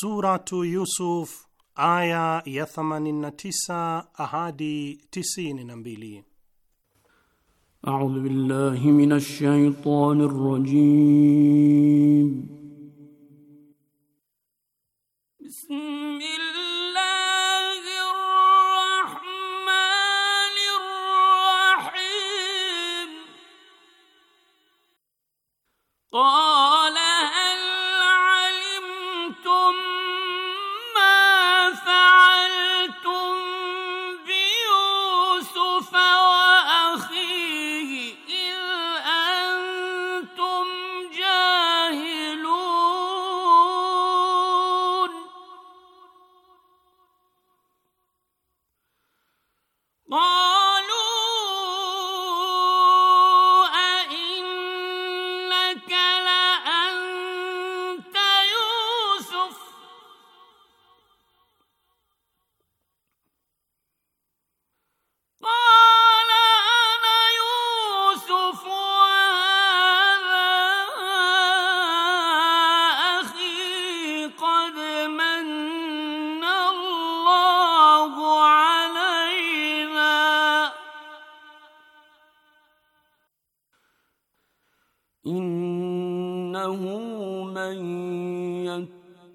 Suratu Yusuf aya ya 89 hadi 92. A'udhu billahi minash shaitani rrajim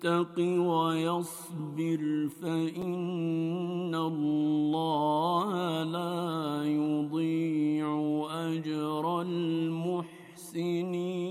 يتق ويصبر فإن الله لا يضيع أجر المحسنين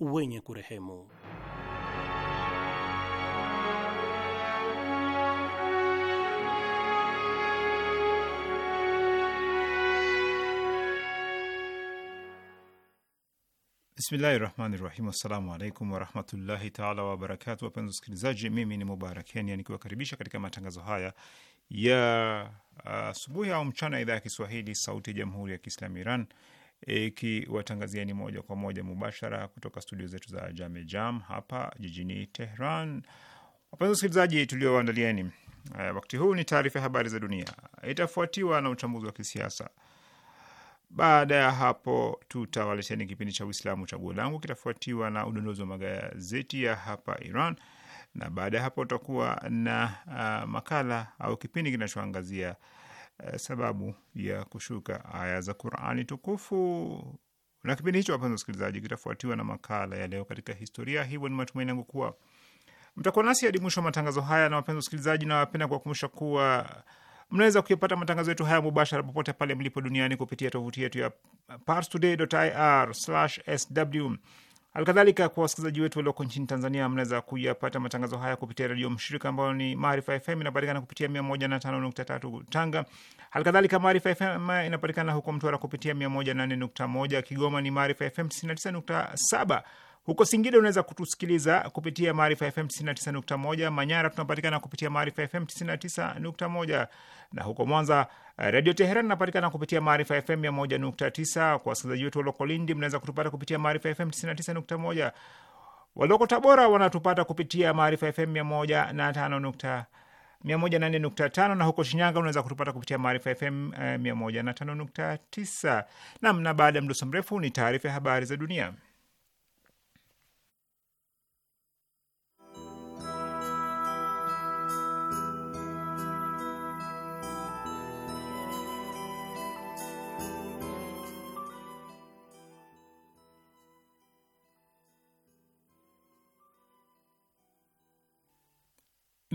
wenye kurehemu. Bismillahi rahmani rahim. Assalamu alaikum warahmatullahi taala wabarakatu. Wapenzi wasikilizaji, mimi ni Mubarak Kenya nikiwakaribisha katika matangazo haya ya uh, asubuhi uh, au mchana idhaa ya Kiswahili sauti ya jamhuri ya Kiislamu Iran ikiwatangazieni moja kwa moja mubashara kutoka studio zetu za Jame Jam hapa jijini Tehran. Wapenzi wasikilizaji, tulioandalieni eh, wakati huu ni taarifa ya habari za dunia, itafuatiwa na uchambuzi wa kisiasa. Baada ya hapo, tutawaleteni kipindi cha Uislamu chaguo langu, kitafuatiwa na udondozi wa magazeti ya hapa Iran, na baada ya hapo utakuwa na uh, makala au kipindi kinachoangazia Eh, sababu ya kushuka aya za Qurani tukufu. Na kipindi hicho, wapenzi wasikilizaji, kitafuatiwa na makala ya leo katika historia. Hivyo ni matumaini yangu kuwa mtakuwa nasi hadi mwisho wa matangazo haya. Na wapenzi wasikilizaji, nawapenda kuwakumbusha kuwa mnaweza kuyapata matangazo yetu haya mubashara popote pale mlipo duniani kupitia tovuti yetu ya parstoday.ir/sw Halikadhalika, kwa wasikilizaji wetu walioko nchini Tanzania, mnaweza kuyapata matangazo haya kupitia redio mshirika ambayo ni Maarifa FM, inapatikana kupitia 105.3 Tanga. Halikadhalika, Maarifa FM inapatikana huko Mtwara kupitia 108.1, Kigoma ni Maarifa FM 99.7 huko Singida unaweza kutusikiliza kupitia Maarifa FM 99.1. Manyara tunapatikana kupitia Maarifa FM 99.1, na huko Mwanza eh, Redio Teheran inapatikana kupitia Maarifa FM 101.9. Kwa wasikilizaji wetu walioko Lindi, mnaweza kutupata kupitia Maarifa FM 99.1. Walioko Tabora wanatupata kupitia Maarifa FM 104.5, na huko Shinyanga unaweza kutupata kupitia Maarifa FM 105.9. Nam, na baada ya mdoso mrefu ni taarifa ya habari za dunia.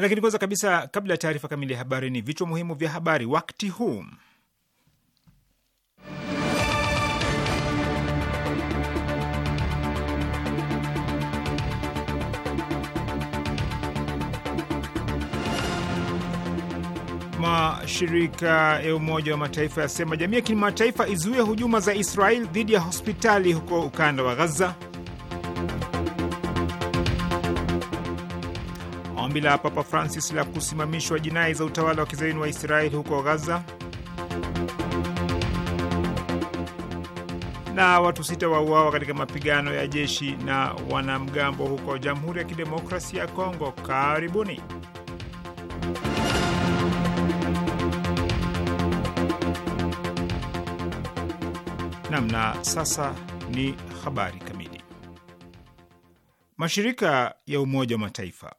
Lakini kwanza kabisa, kabla ya taarifa kamili ya habari, ni vichwa muhimu vya habari wakati huu. Mashirika ya Umoja wa Mataifa yasema jamii ya kimataifa izuie hujuma za Israel dhidi ya hospitali huko ukanda wa Gaza. ombi la Papa Francis la kusimamishwa jinai za utawala wa kizayuni wa Israeli huko Gaza, na watu sita wauawa katika mapigano ya jeshi na wanamgambo huko Jamhuri ya Kidemokrasia ya Kongo. Karibuni. Namna sasa ni habari kamili. Mashirika ya Umoja wa Mataifa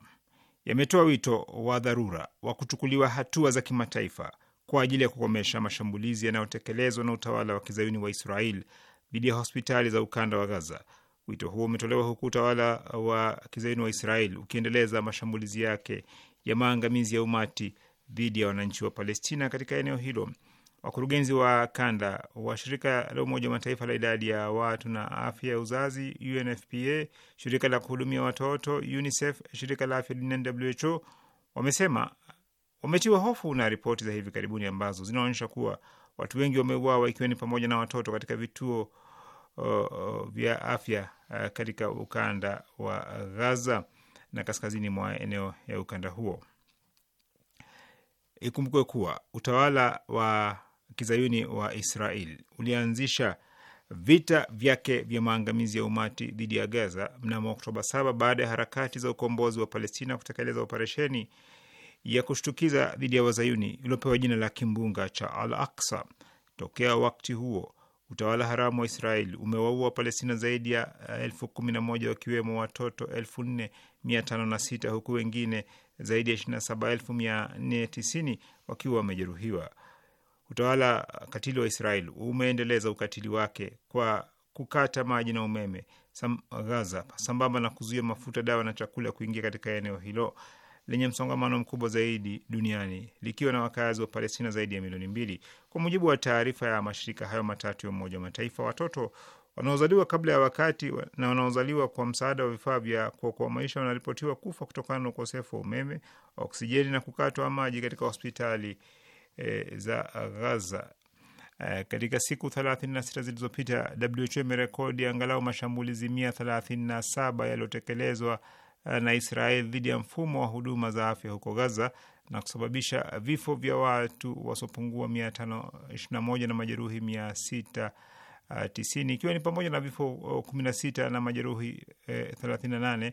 yametoa wito wa dharura wa kuchukuliwa hatua za kimataifa kwa ajili ya kukomesha mashambulizi yanayotekelezwa na utawala wa kizayuni wa Israel dhidi ya hospitali za ukanda wa Gaza. Wito huo umetolewa huku utawala wa kizayuni wa Israel ukiendeleza mashambulizi yake ya maangamizi ya umati dhidi ya wananchi wa Palestina katika eneo hilo. Wakurugenzi wa kanda wa shirika la Umoja wa Mataifa la idadi ya watu na afya ya uzazi UNFPA, shirika la kuhudumia watoto UNICEF, shirika la afya duniani WHO wamesema wametiwa hofu na ripoti za hivi karibuni ambazo zinaonyesha kuwa watu wengi wameuawa ikiwa ni pamoja na watoto katika vituo uh, uh, vya afya uh, katika ukanda wa Gaza na kaskazini mwa eneo ya ukanda huo. Ikumbukwe kuwa utawala wa kizayuni wa Israel ulianzisha vita vyake vya maangamizi ya umati dhidi ya Gaza mnamo Oktoba saba baada ya harakati za ukombozi wa Palestina kutekeleza operesheni ya kushtukiza dhidi ya wazayuni iliyopewa jina la kimbunga cha Al Aksa. Tokea wakati huo utawala haramu wa Israel umewaua Palestina zaidi ya eh, elfu kumi na moja wakiwemo watoto elfu nne mia tano na sita huku wengine zaidi ya ishirini na saba mia nne tisini wakiwa wamejeruhiwa. Utawala katili wa Israel umeendeleza ukatili wake kwa kukata maji na umeme Sam, Gaza sambamba na kuzuia mafuta, dawa na chakula kuingia katika eneo hilo lenye msongamano mkubwa zaidi duniani likiwa na wakazi wa Palestina zaidi ya milioni mbili, kwa mujibu wa taarifa ya mashirika hayo matatu ya Umoja wa Mataifa. Watoto wanaozaliwa kabla ya wakati na wanaozaliwa kwa msaada wa vifaa vya kuokoa maisha wanaripotiwa kufa kutokana na ukosefu wa umeme, oksijeni na kukatwa maji katika hospitali e, za gaza E, katika siku 36 zilizopita WHO imerekodi angalau mashambulizi 137 yaliyotekelezwa e, na Israel dhidi ya mfumo wa huduma za afya huko Gaza na kusababisha vifo vya watu wasiopungua 521 na majeruhi 690 e, ikiwa ni pamoja na vifo 16 e, na majeruhi 38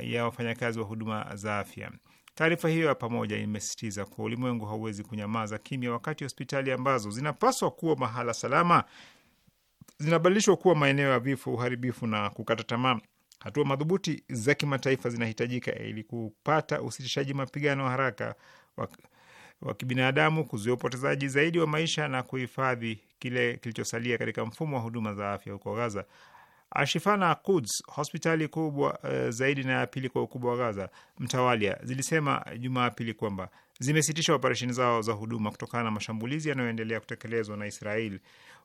ya wafanyakazi wa huduma za afya. Taarifa hiyo ya pamoja imesisitiza kuwa ulimwengu hauwezi kunyamaza kimya wakati hospitali ambazo zinapaswa kuwa mahala salama zinabadilishwa kuwa maeneo ya vifo, uharibifu na kukata tamaa. Hatua madhubuti za kimataifa zinahitajika ili kupata usitishaji mapigano wa haraka wa kibinadamu, kuzuia upotezaji zaidi wa maisha na kuhifadhi kile kilichosalia katika mfumo wa huduma za afya huko Gaza. Ashifana Quds, hospitali kubwa uh, zaidi na ya pili kwa ukubwa wa Gaza mtawalia, zilisema Jumapili kwamba zimesitisha operesheni zao za huduma kutokana na mashambulizi yanayoendelea kutekelezwa na Israeli,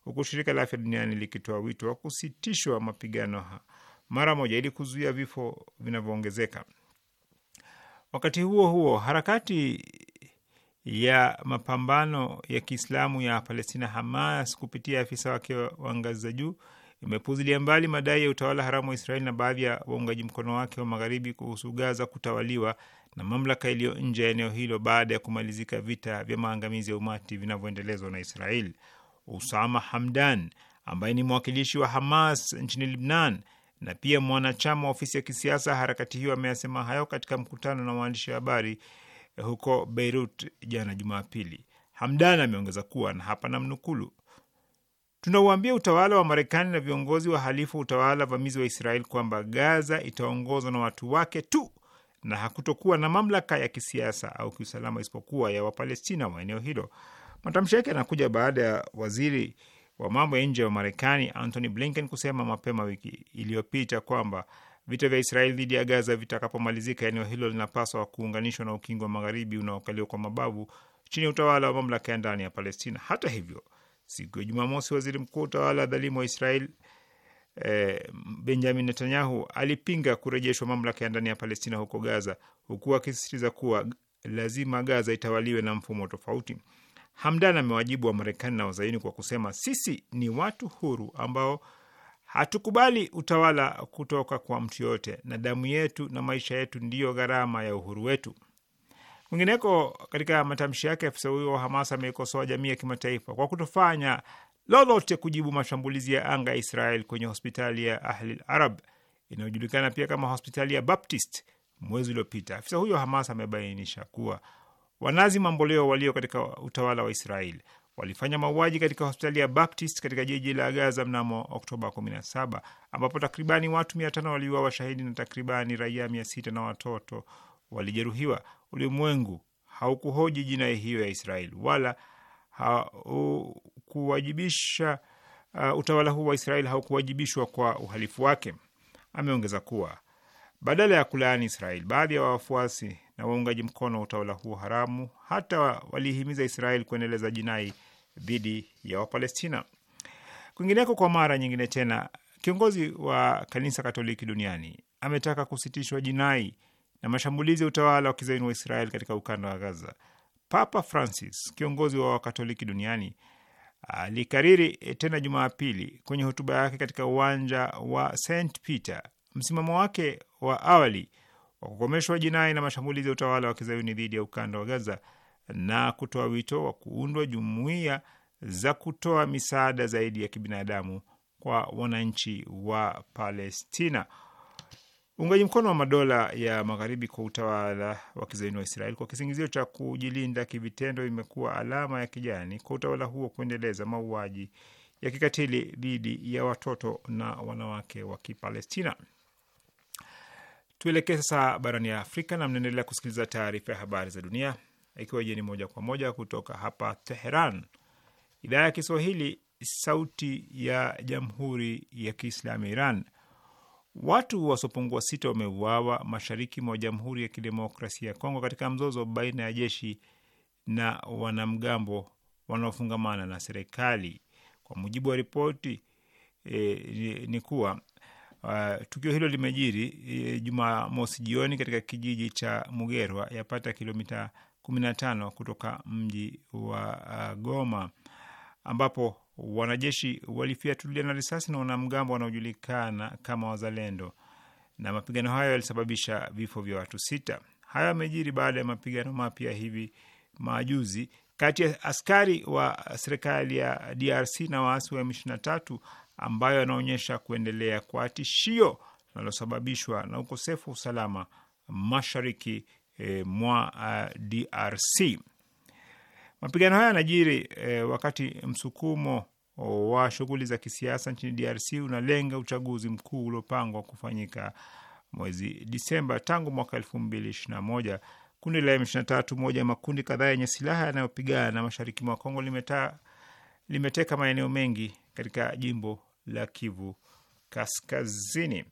huku shirika la afya duniani likitoa wito wa kusitishwa mapigano mara moja ili kuzuia vifo vinavyoongezeka. Wakati huo huo, harakati ya mapambano ya Kiislamu ya Palestina Hamas kupitia afisa wake wa ngazi za juu imepuzilia mbali madai ya utawala haramu wa Israeli na baadhi ya waungaji mkono wake wa magharibi kuhusu Gaza kutawaliwa na mamlaka iliyo nje ya eneo hilo baada ya kumalizika vita vya maangamizi ya umati vinavyoendelezwa na Israeli. Usama Hamdan ambaye ni mwakilishi wa Hamas nchini Libnan na pia mwanachama wa ofisi ya kisiasa harakati hiyo ameyasema hayo katika mkutano na waandishi wa habari eh, huko Beirut jana Jumapili. Hamdan ameongeza kuwa na hapa namnukulu Tunauambia utawala wa Marekani na viongozi wa halifu utawala vamizi wa Israel kwamba Gaza itaongozwa na watu wake tu na hakutokuwa na mamlaka ya kisiasa au kiusalama isipokuwa ya Wapalestina wa eneo hilo. Matamshi yake yanakuja baada ya waziri wa mambo ya nje wa Marekani Antony Blinken kusema mapema wiki iliyopita kwamba vita vya Israeli dhidi ya Gaza vitakapomalizika, eneo hilo linapaswa kuunganishwa na ukingo wa magharibi unaokaliwa kwa mabavu chini ya utawala wa mamlaka ya ndani ya Palestina. Hata hivyo Siku ya Jumamosi, waziri mkuu utawala dhalimu wa Israel eh, Benjamin Netanyahu alipinga kurejeshwa mamlaka ya ndani ya Palestina huko Gaza, huku akisisitiza kuwa lazima Gaza itawaliwe na mfumo tofauti. Hamdan amewajibu wa Marekani na Wazayuni kwa kusema sisi ni watu huru ambao hatukubali utawala kutoka kwa mtu yoyote, na damu yetu na maisha yetu ndiyo gharama ya uhuru wetu. Kwingineko, katika matamshi yake, afisa huyo wa Hamas ameikosoa jamii ya kimataifa kwa kutofanya lolote kujibu mashambulizi ya anga ya Israel kwenye hospitali ya Ahlil Arab inayojulikana pia kama hospitali ya Baptist mwezi uliopita. Afisa huyo wa Hamas amebainisha kuwa wanazi mamboleo walio katika utawala wa Israel walifanya mauaji katika hospitali ya Baptist katika jiji la Gaza mnamo Oktoba 17 ambapo takribani watu 500 waliuawa washahidi na takribani raia 600 na watoto walijeruhiwa ulimwengu haukuhoji jinai hiyo ya Israel wala haukuwajibisha uh, utawala huu wa Israel haukuwajibishwa kwa uhalifu wake. Ameongeza kuwa badala ya kulaani Israel, baadhi ya wafuasi na waungaji mkono wa utawala huo haramu hata walihimiza Israel kuendeleza jinai dhidi ya Wapalestina. Kwingineko, kwa mara nyingine tena, kiongozi wa kanisa Katoliki duniani ametaka kusitishwa jinai na mashambulizi ya utawala wa kizaini wa Israel katika ukanda wa Gaza. Papa Francis, kiongozi wa Wakatoliki duniani, alikariri eh, tena Jumapili kwenye hotuba yake katika uwanja wa St Peter msimamo wake wa awali wa kukomeshwa jinai na mashambulizi ya utawala wa kizayuni dhidi ya ukanda wa Gaza na kutoa wito wa kuundwa jumuiya za kutoa misaada zaidi ya kibinadamu kwa wananchi wa Palestina. Uungaji mkono wa madola ya magharibi kwa utawala wa kizaini wa Israeli kwa kisingizio cha kujilinda kivitendo imekuwa alama ya kijani kwa utawala huo kuendeleza mauaji ya kikatili dhidi ya watoto na wanawake wa Kipalestina. Tuelekee sasa barani ya Afrika na mnaendelea kusikiliza taarifa ya habari za dunia, ikiwa jeni moja kwa moja kutoka hapa Teheran, idhaa ya Kiswahili, sauti ya jamhuri ya kiislamu ya Iran. Watu wasiopungua sita wameuawa mashariki mwa Jamhuri ya Kidemokrasia ya Kongo katika mzozo baina ya jeshi na wanamgambo wanaofungamana na serikali. Kwa mujibu wa ripoti e, ni kuwa uh, tukio hilo limejiri e, Jumamosi jioni katika kijiji cha Mugerwa, yapata kilomita 15 kutoka mji wa uh, Goma ambapo wanajeshi na risasi na wanamgambo wanaojulikana kama Wazalendo, na mapigano hayo yalisababisha vifo vya watu sita. Hayo yamejiri baada ya mapigano mapya hivi majuzi kati ya askari wa serikali ya DRC na waasi wa M23 ambayo yanaonyesha kuendelea kwa tishio linalosababishwa na ukosefu wa usalama mashariki eh, mwa uh, eh, DRC. Mapigano haya yanajiri e, wakati msukumo wa shughuli za kisiasa nchini DRC unalenga uchaguzi mkuu uliopangwa kufanyika mwezi Disemba. Tangu mwaka elfu mbili ishirini na moja kundi la M23, moja ya makundi kadhaa yenye silaha yanayopigana mashariki mwa Kongo, limeta, limeteka maeneo mengi katika jimbo la Kivu Kaskazini.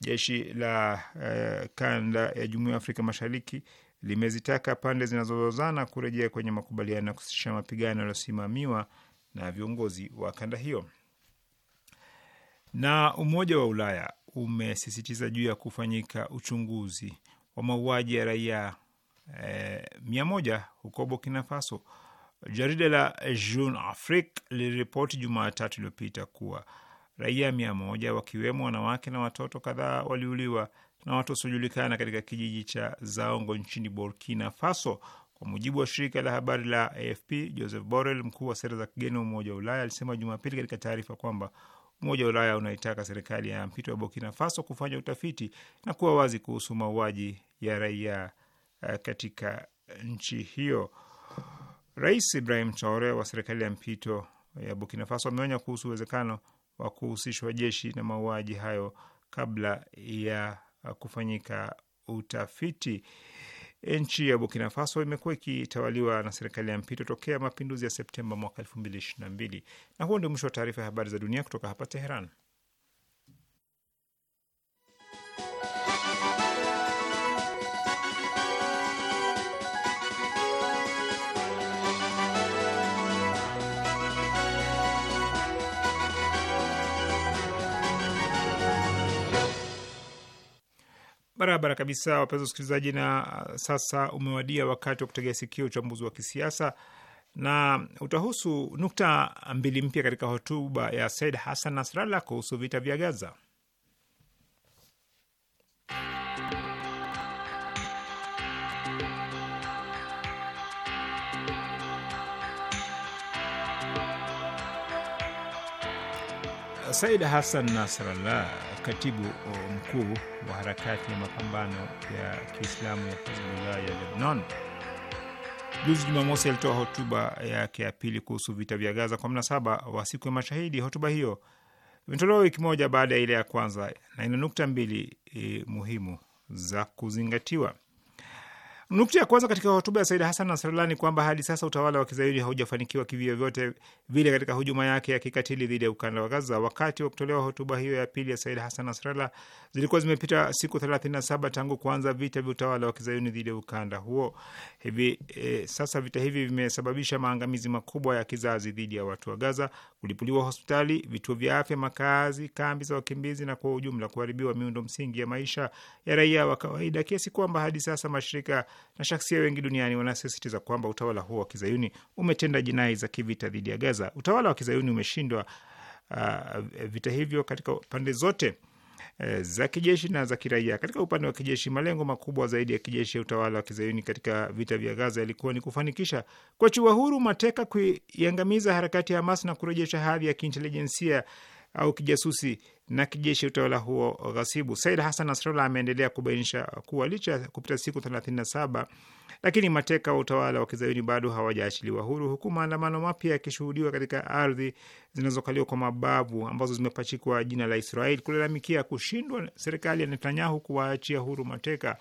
Jeshi la uh, kanda ya Jumuiya ya Afrika Mashariki limezitaka pande zinazozozana kurejea kwenye makubaliano ya kusitisha mapigano yaliyosimamiwa na viongozi wa kanda hiyo. Na Umoja wa Ulaya umesisitiza juu ya kufanyika uchunguzi wa mauaji ya raia eh, mia moja huko Burkina Faso. Jarida la Jeune Afrique liliripoti Jumatatu iliyopita kuwa raia mia moja wakiwemo wanawake na watoto kadhaa waliuliwa na watu wasiojulikana katika kijiji cha Zaongo nchini Burkina Faso. Kwa mujibu wa shirika la habari la AFP, Joseph Borrell, mkuu wa sera za kigeni wa Umoja wa Ulaya, alisema Jumapili katika taarifa kwamba Umoja wa Ulaya unaitaka serikali ya mpito ya Burkina Faso kufanya utafiti na kuwa wazi kuhusu mauaji ya raia eh, katika nchi hiyo. Rais Ibrahim Traore wa serikali ya mpito ya Burkina Faso ameonya kuhusu uwezekano wa kuhusishwa jeshi na mauaji hayo kabla ya Uh, kufanyika utafiti. Nchi ya Burkina Faso imekuwa ikitawaliwa na serikali ya mpito tokea mapinduzi ya Septemba mwaka elfu mbili ishirini na mbili. Na huo ndio mwisho wa taarifa ya habari za dunia kutoka hapa Teheran. Barabara kabisa, wapenzi wasikilizaji, na uh, sasa umewadia wakati wa kutegea sikio uchambuzi wa kisiasa na utahusu nukta mbili mpya katika hotuba ya Said Hassan Nasrallah kuhusu vita vya Gaza. Said Hassan Nasrallah katibu uh, mkuu wa harakati ya mapambano ya Kiislamu ya Hizbullah ya Lebnon. Juzi Jumamosi alitoa hotuba yake ya pili kuhusu vita vya Gaza kwa mnasaba wa siku ya mashahidi. Hotuba hiyo imetolewa wiki moja baada ya ile ya kwanza na ina nukta mbili e, muhimu za kuzingatiwa. Nukta ya kwanza katika hotuba ya Said Hasan Nasrallah ni kwamba hadi sasa utawala wa kizayuni haujafanikiwa kivyovyote vile katika hujuma yake ya kikatili dhidi ya ukanda wa Gaza. Wakati wa kutolewa hotuba hiyo ya pili ya Said Hasan Nasrallah, zilikuwa zimepita siku 37 tangu kuanza vita vya utawala wa kizayuni dhidi ya ukanda huo. Hivi e, sasa vita hivi vimesababisha maangamizi makubwa ya kizazi dhidi ya watu wa Gaza, kulipuliwa hospitali, vituo vya afya, makazi, kambi za wakimbizi na kwa ujumla kuharibiwa miundo msingi ya maisha ya raia wa kawaida, kiasi kwamba hadi sasa mashirika na shaksia wengi duniani wanasisitiza kwamba utawala huo wa kizayuni umetenda jinai za kivita dhidi ya Gaza. Utawala wa kizayuni umeshindwa uh, vita hivyo katika pande zote Eh, za kijeshi na za kiraia. Katika upande wa kijeshi, malengo makubwa zaidi ya kijeshi ya utawala wa kizayuni katika vita vya Gaza yalikuwa ni kufanikisha kuachiwa huru mateka, kuiangamiza harakati ya Hamas na kurejesha hadhi ya kiintelijensia au kijasusi na kijeshi ya utawala huo ghasibu. Said Hassan Nasrallah ameendelea kubainisha kuwa licha ya kupita siku saba lakini mateka wa utawala wa kizayuni bado hawajaachiliwa huru, huku maandamano mapya yakishuhudiwa katika ardhi zinazokaliwa kwa mabavu ambazo zimepachikwa jina la Israeli kulalamikia kushindwa serikali ya Netanyahu kuwaachia huru mateka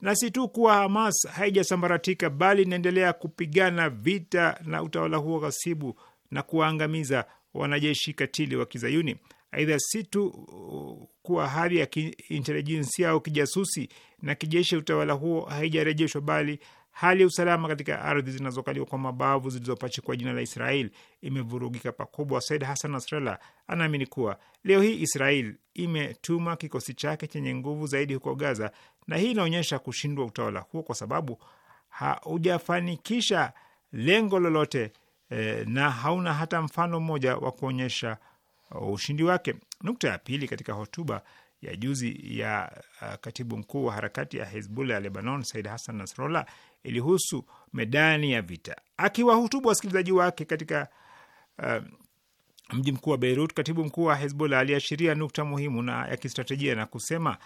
na si tu kuwa Hamas haijasambaratika bali inaendelea kupigana vita na utawala huo ghasibu na kuwaangamiza wanajeshi katili wa kizayuni. Aidha, si tu uh, kuwa hali ya kiintelijensia au kijasusi na kijeshi ya utawala huo haijarejeshwa, bali hali ya usalama katika ardhi zinazokaliwa kwa mabavu zilizopachikwa jina la Israel imevurugika pakubwa. Said Hassan Nasrallah anaamini kuwa leo hii Israel imetuma kikosi chake chenye nguvu zaidi huko Gaza, na hii inaonyesha kushindwa utawala huo kwa sababu haujafanikisha lengo lolote eh, na hauna hata mfano mmoja wa kuonyesha Uh, ushindi wake. Nukta ya pili, katika hotuba ya juzi ya uh, katibu mkuu wa harakati ya Hezbollah ya Lebanon Said Hassan Nasrallah ilihusu medani ya vita. Akiwahutubu wasikilizaji wake katika uh, mji mkuu wa Beirut, katibu mkuu wa Hezbollah aliashiria nukta muhimu na ya kistratejia na kusema,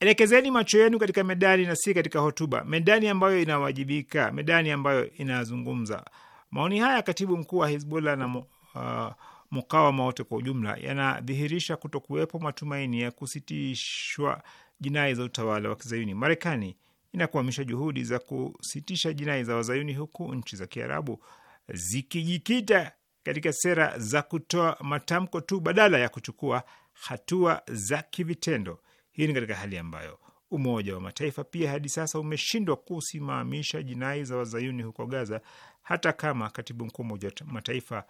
elekezeni macho yenu katika medani na si katika hotuba, medani ambayo inawajibika, medani ambayo inazungumza. Maoni haya katibu mkuu wa Hezbollah na uh, mukawama wote kwa ujumla yanadhihirisha kutokuwepo matumaini ya kusitishwa jinai za utawala wa kizayuni. Marekani inakwamisha juhudi za kusitisha jinai za wazayuni huku nchi za kiarabu zikijikita katika sera za kutoa matamko tu badala ya kuchukua hatua za kivitendo. Hii ni katika hali ambayo Umoja wa Mataifa pia hadi sasa umeshindwa kusimamisha jinai za wazayuni huko Gaza, hata kama katibu mkuu wa Umoja wa Mataifa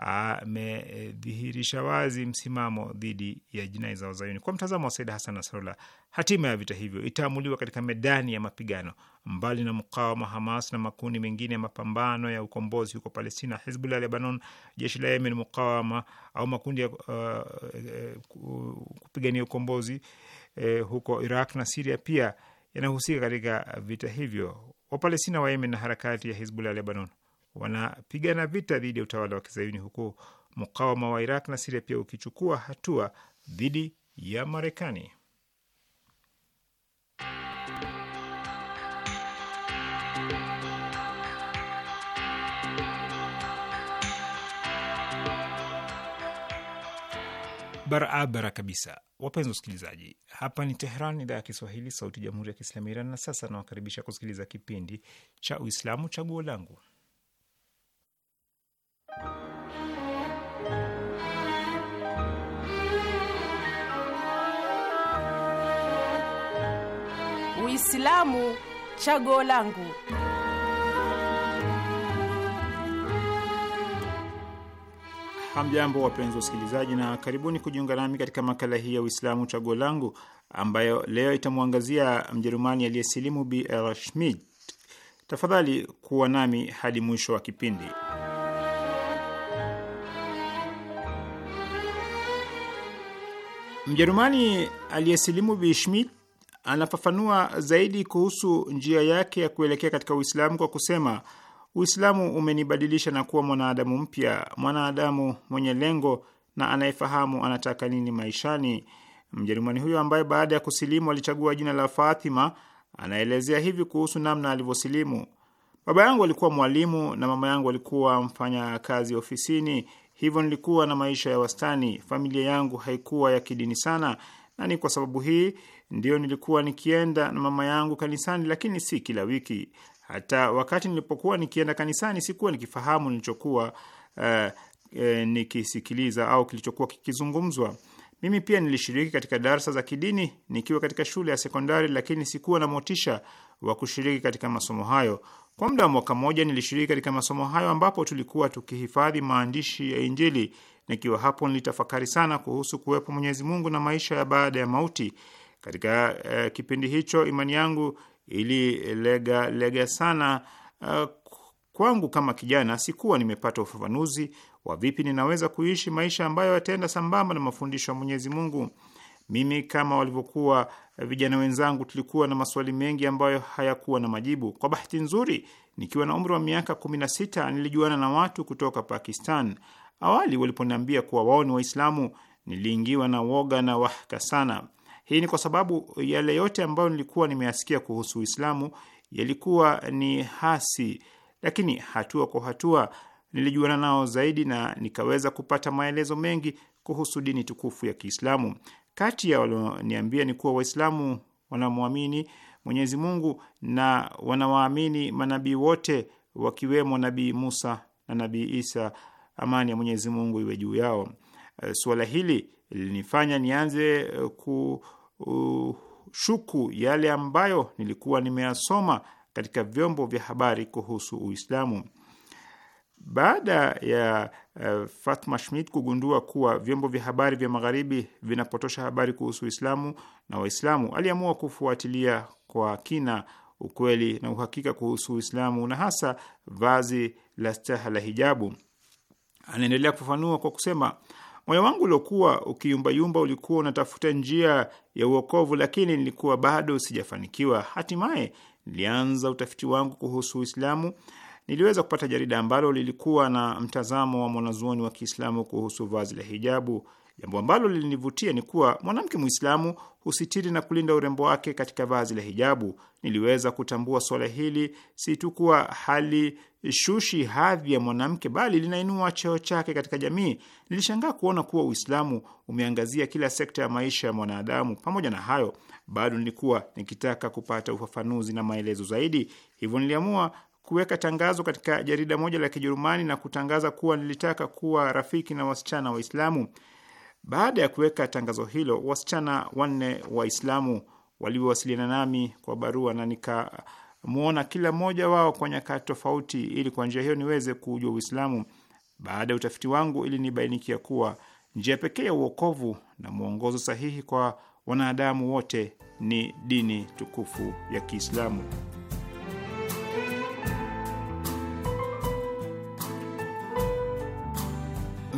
amedhihirisha wazi msimamo dhidi ya jinai za wazayuni. Kwa mtazamo wa Said Hassan Nasrallah, hatima ya vita hivyo itaamuliwa katika medani ya mapigano. Mbali na mkawama Hamas na makundi mengine ya mapambano ya ukombozi huko Palestina, Hizbullah Lebanon, jeshi la Yemen, mukawama au makundi ya uh, uh, kupigania ukombozi uh, huko Iraq na Siria pia yanahusika katika vita hivyo. Wapalestina wa Yemen na harakati ya Hizbullah Lebanon wanapigana vita dhidi ya utawala wa kizayuni huku mukawama wa Iraq na Siria pia ukichukua hatua dhidi ya Marekani. Barabara kabisa, wapenzi wasikilizaji, hapa ni Tehran, idhaa ya Kiswahili, sauti ya jamhuri ya kiislamu ya Iran. Na sasa nawakaribisha kusikiliza kipindi cha Uislamu chaguo langu Uislamu chaguo langu. Hamjambo, wapenzi usikilizaji, na karibuni kujiunga nami katika makala hii ya Uislamu chaguo langu ambayo leo itamwangazia Mjerumani aliyesilimu bl Schmidt. Tafadhali kuwa nami hadi mwisho wa kipindi. Mjerumani aliyesilimu Bishmit anafafanua zaidi kuhusu njia yake ya kuelekea katika Uislamu kwa kusema, Uislamu umenibadilisha na kuwa mwanadamu mpya, mwanadamu mwenye lengo na anayefahamu anataka nini maishani. Mjerumani huyo ambaye baada ya kusilimu alichagua jina la Fatima anaelezea hivi kuhusu namna alivyosilimu: Baba yangu alikuwa mwalimu na mama yangu alikuwa mfanya kazi ofisini hivyo nilikuwa na maisha ya wastani. Familia yangu haikuwa ya kidini sana, na ni kwa sababu hii ndiyo nilikuwa nikienda na mama yangu kanisani, lakini si kila wiki. Hata wakati nilipokuwa nikienda kanisani, sikuwa nikifahamu nilichokuwa uh, e, nikisikiliza au kilichokuwa kikizungumzwa. Mimi pia nilishiriki katika darsa za kidini nikiwa katika shule ya sekondari, lakini sikuwa na motisha wa kushiriki katika masomo hayo. Kwa muda wa mwaka mmoja nilishiriki katika masomo hayo, ambapo tulikuwa tukihifadhi maandishi ya Injili. Nikiwa hapo, nilitafakari sana kuhusu kuwepo Mwenyezi Mungu na maisha ya baada ya mauti. Katika eh, kipindi hicho imani yangu ililegalega sana. Uh, kwangu kama kijana sikuwa nimepata ufafanuzi wa vipi ninaweza kuishi maisha ambayo yataenda sambamba na mafundisho ya Mwenyezi Mungu. Mimi kama walivyokuwa eh, vijana wenzangu, tulikuwa na maswali mengi ambayo hayakuwa na majibu. Kwa bahati nzuri, nikiwa na umri wa miaka kumi na sita nilijuana na watu kutoka Pakistan. Awali waliponiambia kuwa wao ni Waislamu, niliingiwa na woga na wahka sana. Hii ni kwa sababu yale yote ambayo nilikuwa nimeyasikia kuhusu Uislamu yalikuwa ni hasi, lakini hatua kwa hatua nilijuana nao zaidi na nikaweza kupata maelezo mengi kuhusu dini tukufu ya Kiislamu. Kati ya walioniambia ni kuwa Waislamu wanamwamini Mwenyezi Mungu na wanawaamini manabii wote wakiwemo Nabii Musa na Nabii Isa, amani ya Mwenyezi Mungu iwe juu yao. Eh, suala hili lilinifanya nianze eh, kushuku uh, yale ambayo nilikuwa nimeyasoma katika vyombo vya habari kuhusu Uislamu. Baada ya uh, Fatma Schmidt kugundua kuwa vyombo vya habari vya magharibi vinapotosha habari kuhusu Uislamu na Waislamu, aliamua kufuatilia kwa kina ukweli na uhakika kuhusu Uislamu na hasa vazi la staha la hijabu. Anaendelea kufafanua kwa kusema, moyo wangu uliokuwa ukiyumbayumba ulikuwa unatafuta njia ya uokovu, lakini nilikuwa bado sijafanikiwa. Hatimaye nilianza utafiti wangu kuhusu Uislamu niliweza kupata jarida ambalo lilikuwa na mtazamo wa mwanazuoni wa Kiislamu kuhusu vazi la hijabu. Jambo ambalo lilinivutia ni kuwa mwanamke Mwislamu husitiri na kulinda urembo wake katika vazi la hijabu. Niliweza kutambua suala hili si tu kuwa halishushi hadhi ya mwanamke, bali linainua cheo chake katika jamii. Nilishangaa kuona kuwa Uislamu umeangazia kila sekta ya maisha ya mwanadamu. Pamoja na hayo, bado nilikuwa nikitaka kupata ufafanuzi na maelezo zaidi, hivyo niliamua kuweka tangazo katika jarida moja la Kijerumani na kutangaza kuwa nilitaka kuwa rafiki na wasichana Waislamu. Baada ya kuweka tangazo hilo, wasichana wanne Waislamu waliowasiliana nami kwa barua na nikamwona kila mmoja wao kwa nyakati tofauti, ili kwa njia hiyo niweze kuujua Uislamu. Baada ya utafiti wangu, ili nibainikia kuwa njia pekee ya uokovu na mwongozo sahihi kwa wanadamu wote ni dini tukufu ya Kiislamu.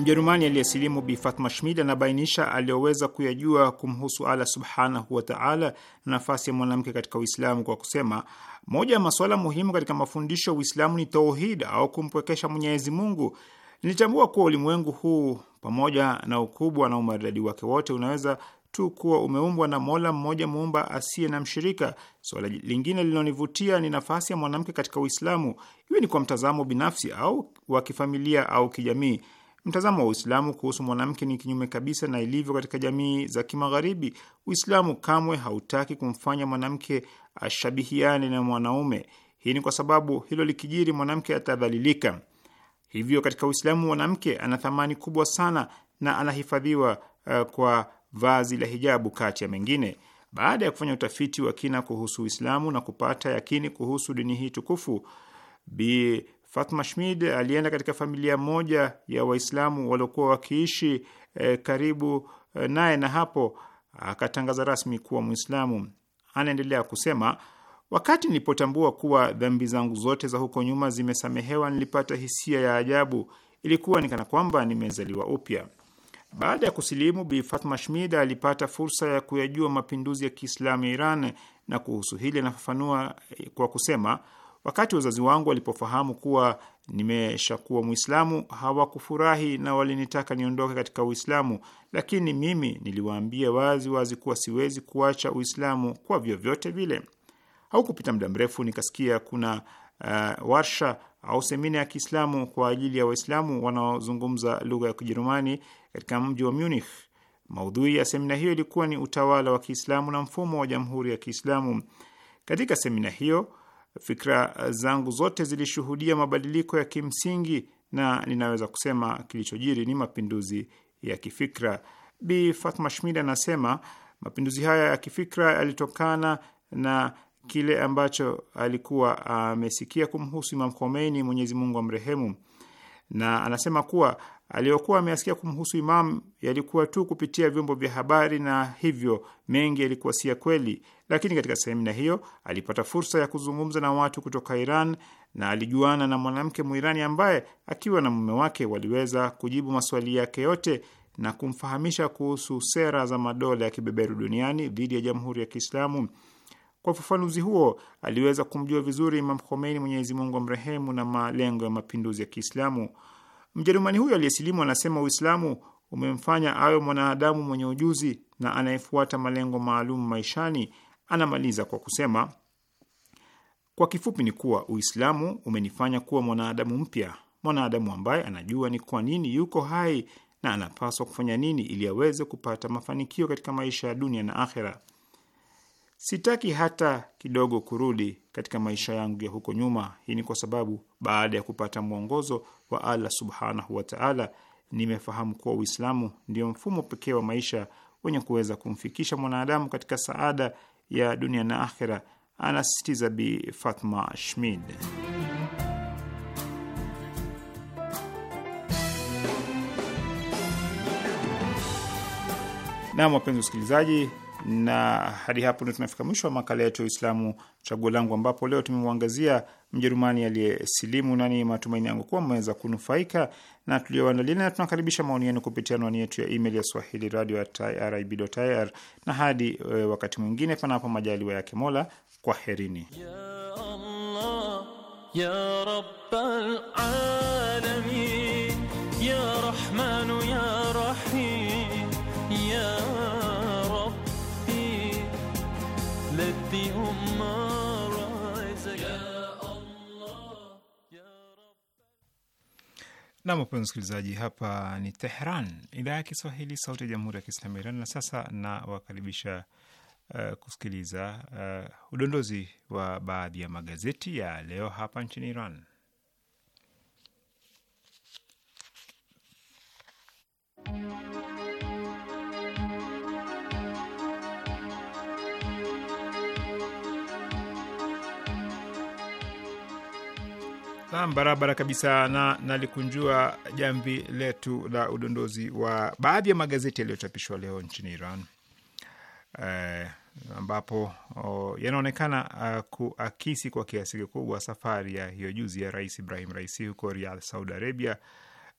Mjerumani aliyesilimu Bi Fatma Schmid anabainisha aliyoweza kuyajua kumhusu Allah subhanahu wataala na nafasi ya mwanamke katika Uislamu kwa kusema, moja ya masuala muhimu katika mafundisho ya Uislamu ni tauhid au kumpwekesha Mwenyezi Mungu. Nilitambua kuwa ulimwengu huu pamoja na ukubwa na umaridadi wake wote unaweza tu kuwa umeumbwa na Mola mmoja muumba asiye na mshirika. Suala so, lingine linalonivutia ni nafasi ya mwanamke katika Uislamu, iwe ni kwa mtazamo binafsi au wa kifamilia au kijamii. Mtazamo wa Uislamu kuhusu mwanamke ni kinyume kabisa na ilivyo katika jamii za Kimagharibi. Uislamu kamwe hautaki kumfanya mwanamke ashabihiane na mwanaume. Hii ni kwa sababu hilo likijiri, mwanamke atadhalilika. Hivyo katika Uislamu mwanamke ana thamani kubwa sana na anahifadhiwa uh, kwa vazi la hijabu kati ya mengine. Baada ya kufanya utafiti wa kina kuhusu Uislamu na kupata yakini kuhusu dini hii tukufu, Bi Fatma Shmid alienda katika familia moja ya Waislamu waliokuwa wakiishi e, karibu e, naye na hapo akatangaza rasmi kuwa Mwislamu. Anaendelea kusema, wakati nilipotambua kuwa dhambi zangu zote za huko nyuma zimesamehewa, nilipata hisia ya ajabu. Ilikuwa ni kana kwamba nimezaliwa upya. Baada ya kusilimu, Bi Fatma Shmid alipata fursa ya kuyajua mapinduzi ya Kiislamu ya Iran, na kuhusu hili anafafanua eh, kwa kusema Wakati wazazi wangu walipofahamu kuwa nimeshakuwa Mwislamu hawakufurahi na walinitaka niondoke katika Uislamu, lakini mimi niliwaambia wazi wazi kuwa siwezi kuacha Uislamu kwa vyovyote vile. Haukupita muda mrefu nikasikia kuna uh, warsha au semina ya Kiislamu kwa ajili ya Waislamu wanaozungumza lugha ya Kijerumani katika mji wa Munich. Maudhui ya semina hiyo ilikuwa ni utawala wa Kiislamu na mfumo wa jamhuri ya Kiislamu. Katika semina hiyo fikra zangu zote zilishuhudia mabadiliko ya kimsingi, na ninaweza kusema kilichojiri ni mapinduzi ya kifikra. Bi Fatma Shmid anasema mapinduzi haya ya kifikra yalitokana na kile ambacho alikuwa amesikia kumhusu Imam Khomeini, Mwenyezi Mungu amrehemu, na anasema kuwa aliyokuwa ameasikia kumhusu Imam yalikuwa tu kupitia vyombo vya habari na hivyo mengi yalikuwa si ya kweli, lakini katika semina hiyo alipata fursa ya kuzungumza na watu kutoka Iran na alijuana na mwanamke Mwirani ambaye akiwa na mume wake waliweza kujibu maswali yake yote na kumfahamisha kuhusu sera za madola ya kibeberu duniani dhidi ya Jamhuri ya Kiislamu. Kwa ufafanuzi huo aliweza kumjua vizuri Imam Khomeini, Mwenyezi Mungu amrehemu, na malengo ya mapinduzi ya Kiislamu. Mjerumani huyo aliyesilimu anasema Uislamu umemfanya awe mwanadamu mwenye ujuzi na anayefuata malengo maalum maishani. Anamaliza kwa kusema, kwa kifupi ni kuwa Uislamu umenifanya kuwa mwanadamu mpya, mwanadamu ambaye anajua ni kwa nini yuko hai na anapaswa kufanya nini ili aweze kupata mafanikio katika maisha ya dunia na akhera. Sitaki hata kidogo kurudi katika maisha yangu ya huko nyuma. Hii ni kwa sababu baada ya kupata mwongozo wa Allah subhanahu wataala, nimefahamu kuwa Uislamu ndio mfumo pekee wa maisha wenye kuweza kumfikisha mwanadamu katika saada ya dunia na akhera, anasisitiza Bi Fatma Shmid. Nam, wapenzi wasikilizaji na hadi hapo ndio tunafika mwisho wa makala yetu ya Uislamu Chaguo Langu, ambapo leo tumemwangazia Mjerumani aliyesilimu. Nani matumaini yangu kuwa mmeweza kunufaika na tulioandalia, na tunakaribisha maoni yenu kupitia anwani yetu ya email ya swahili radio at irib.ir. Na hadi eh, wakati mwingine, panapo majaliwa yake Mola, kwaherini ya Allah, ya Nam, wapenzi msikilizaji, hapa ni Tehran, idhaa ya Kiswahili, sauti ya jamhuri ya kiislamu ya Iran. Na sasa nawakaribisha uh, kusikiliza uh, udondozi wa baadhi ya magazeti ya leo hapa nchini Iran. Nam, barabara kabisa, na nalikunjua jamvi letu la udondozi wa baadhi ya magazeti yaliyochapishwa leo nchini Iran eh, ambapo yanaonekana uh, kuakisi kwa kiasi kikubwa safari ya hiyo juzi ya Rais Ibrahim Raisi huko Riyadh, Saudi Arabia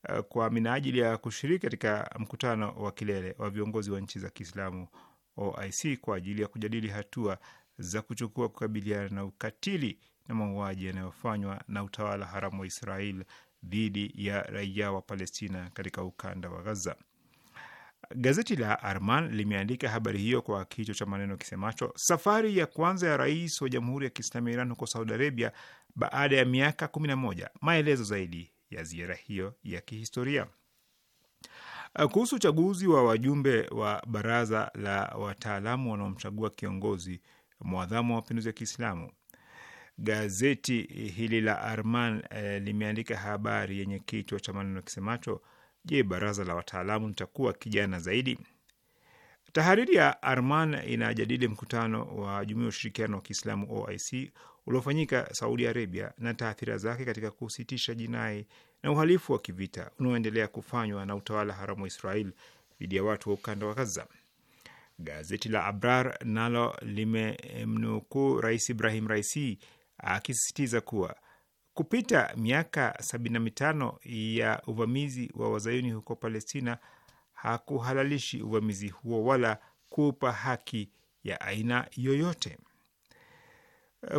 uh, kwa minajili ya kushiriki katika mkutano wa kilele wa viongozi wa nchi za Kiislamu OIC kwa ajili ya kujadili hatua za kuchukua kukabiliana na ukatili na mauaji yanayofanywa na utawala haramu wa Israel dhidi ya raia wa Palestina katika ukanda wa Gaza. Gazeti la Arman limeandika habari hiyo kwa kichwa cha maneno kisemacho safari ya kwanza ya rais wa Jamhuri ya Kiislamu ya Iran huko Saudi Arabia baada ya miaka kumi na moja. Maelezo zaidi ya ziara hiyo ya kihistoria. Kuhusu uchaguzi wa wajumbe wa baraza la wataalamu wanaomchagua kiongozi mwadhamu wa mapinduzi ya Kiislamu, Gazeti hili la Arman eh, limeandika habari yenye kichwa cha maneno kisemacho, je, baraza la wataalamu litakuwa kijana zaidi? Tahariri ya Arman inajadili mkutano wa jumuiya ya ushirikiano wa Kiislamu OIC uliofanyika Saudi Arabia na taathira zake katika kusitisha jinai na uhalifu wa kivita unaoendelea kufanywa na utawala haramu wa Israel dhidi ya watu wa ukanda wa Gaza. Gazeti la Abrar nalo limemnukuu Rais Ibrahim Raisi akisisitiza kuwa kupita miaka sabini na mitano ya uvamizi wa wazayuni huko Palestina hakuhalalishi uvamizi huo wala kuupa haki ya aina yoyote.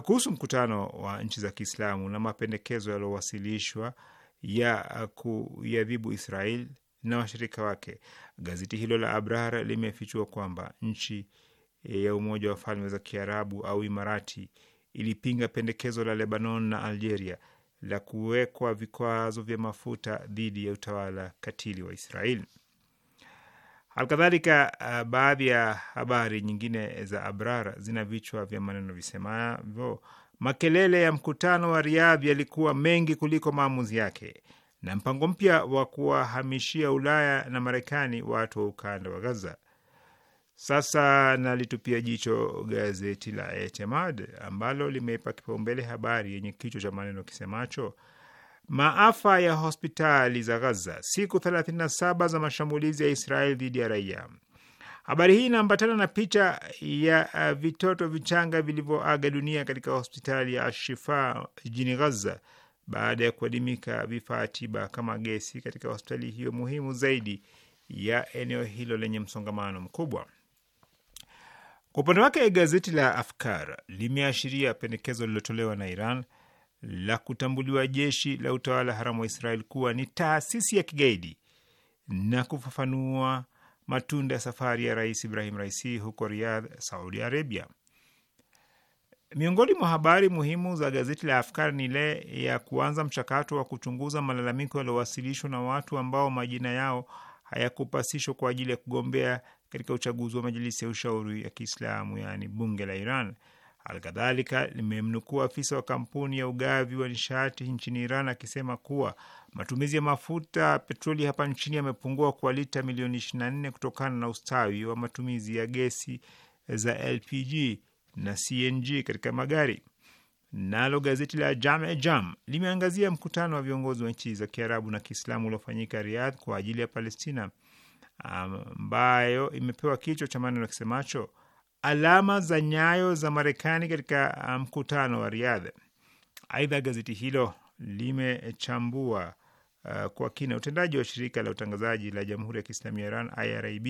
Kuhusu mkutano wa nchi za Kiislamu na mapendekezo yaliyowasilishwa ya kuiadhibu Israel na washirika wake, gazeti hilo la Abrahar limefichua kwamba nchi ya Umoja wa Falme za Kiarabu au Imarati ilipinga pendekezo la Lebanon na Algeria la kuwekwa vikwazo vya mafuta dhidi ya utawala katili wa Israel. Halikadhalika, uh, baadhi ya habari nyingine za Abrar zina vichwa vya maneno visemavyo: makelele ya mkutano wa Riyadh yalikuwa mengi kuliko maamuzi yake, na mpango mpya wa kuwahamishia Ulaya na Marekani watu wa ukanda wa Gaza. Sasa nalitupia jicho gazeti la Etemad ambalo limeipa kipaumbele habari yenye kichwa cha maneno kisemacho maafa ya hospitali za Gaza, siku 37 za mashambulizi ya Israel dhidi ya raia. Habari hii inaambatana na picha ya uh, vitoto vichanga vilivyoaga dunia katika hospitali ya Ashifa jijini Gaza baada ya kuadimika vifaa tiba kama gesi katika hospitali hiyo muhimu zaidi ya eneo hilo lenye msongamano mkubwa. Kwa upande wake gazeti la Afkar limeashiria pendekezo lililotolewa na Iran la kutambuliwa jeshi la utawala haramu wa Israel kuwa ni taasisi ya kigaidi na kufafanua matunda ya safari ya Rais Ibrahim Raisi huko Riyadh, Saudi Arabia. Miongoni mwa habari muhimu za gazeti la Afkar ni ile ya kuanza mchakato wa kuchunguza malalamiko yaliyowasilishwa na watu ambao majina yao hayakupasishwa kwa ajili ya kugombea katika uchaguzi wa majilisi ya ushauri ya Kiislamu, yaani bunge la Iran. alkadhalika limemnukuu afisa wa kampuni ya ugavi wa nishati nchini Iran akisema kuwa matumizi ya mafuta petroli hapa nchini yamepungua kwa lita milioni 24 kutokana na ustawi wa matumizi ya gesi za LPG na CNG katika magari. Nalo gazeti la Jame Jam limeangazia mkutano wa viongozi wa nchi za Kiarabu na Kiislamu uliofanyika Riyadh kwa ajili ya Palestina ambayo imepewa kichwa cha maneno kisemacho alama za nyayo za Marekani katika ah, mkutano wa Riadha. Aidha, gazeti hilo limechambua uh, kwa kina utendaji wa shirika la utangazaji la Jamhuri ya Kiislamu ya Iran IRIB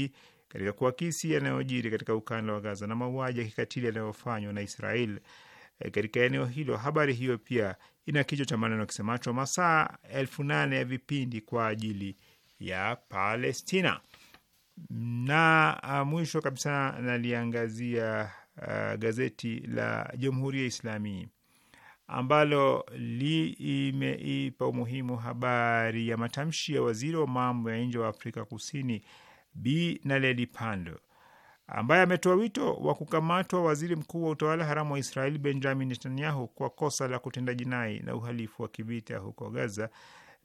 katika kuakisi yanayojiri katika ukanda wa Gaza na mauaji ya kikatili yanayofanywa na Israel e, katika eneo hilo. Habari hiyo pia ina kichwa cha maneno kisemacho masaa elfu nane ya vipindi kwa ajili ya Palestina na ah, mwisho kabisa naliangazia uh, gazeti la Jamhuri ya Islami ambalo limeipa umuhimu habari ya matamshi ya waziri wa mambo ya nje wa Afrika Kusini Bi Naledi Pandor ambaye ametoa wito wa kukamatwa waziri mkuu wa utawala haramu wa Israeli Benjamin Netanyahu kwa kosa la kutenda jinai na uhalifu wa kivita huko Gaza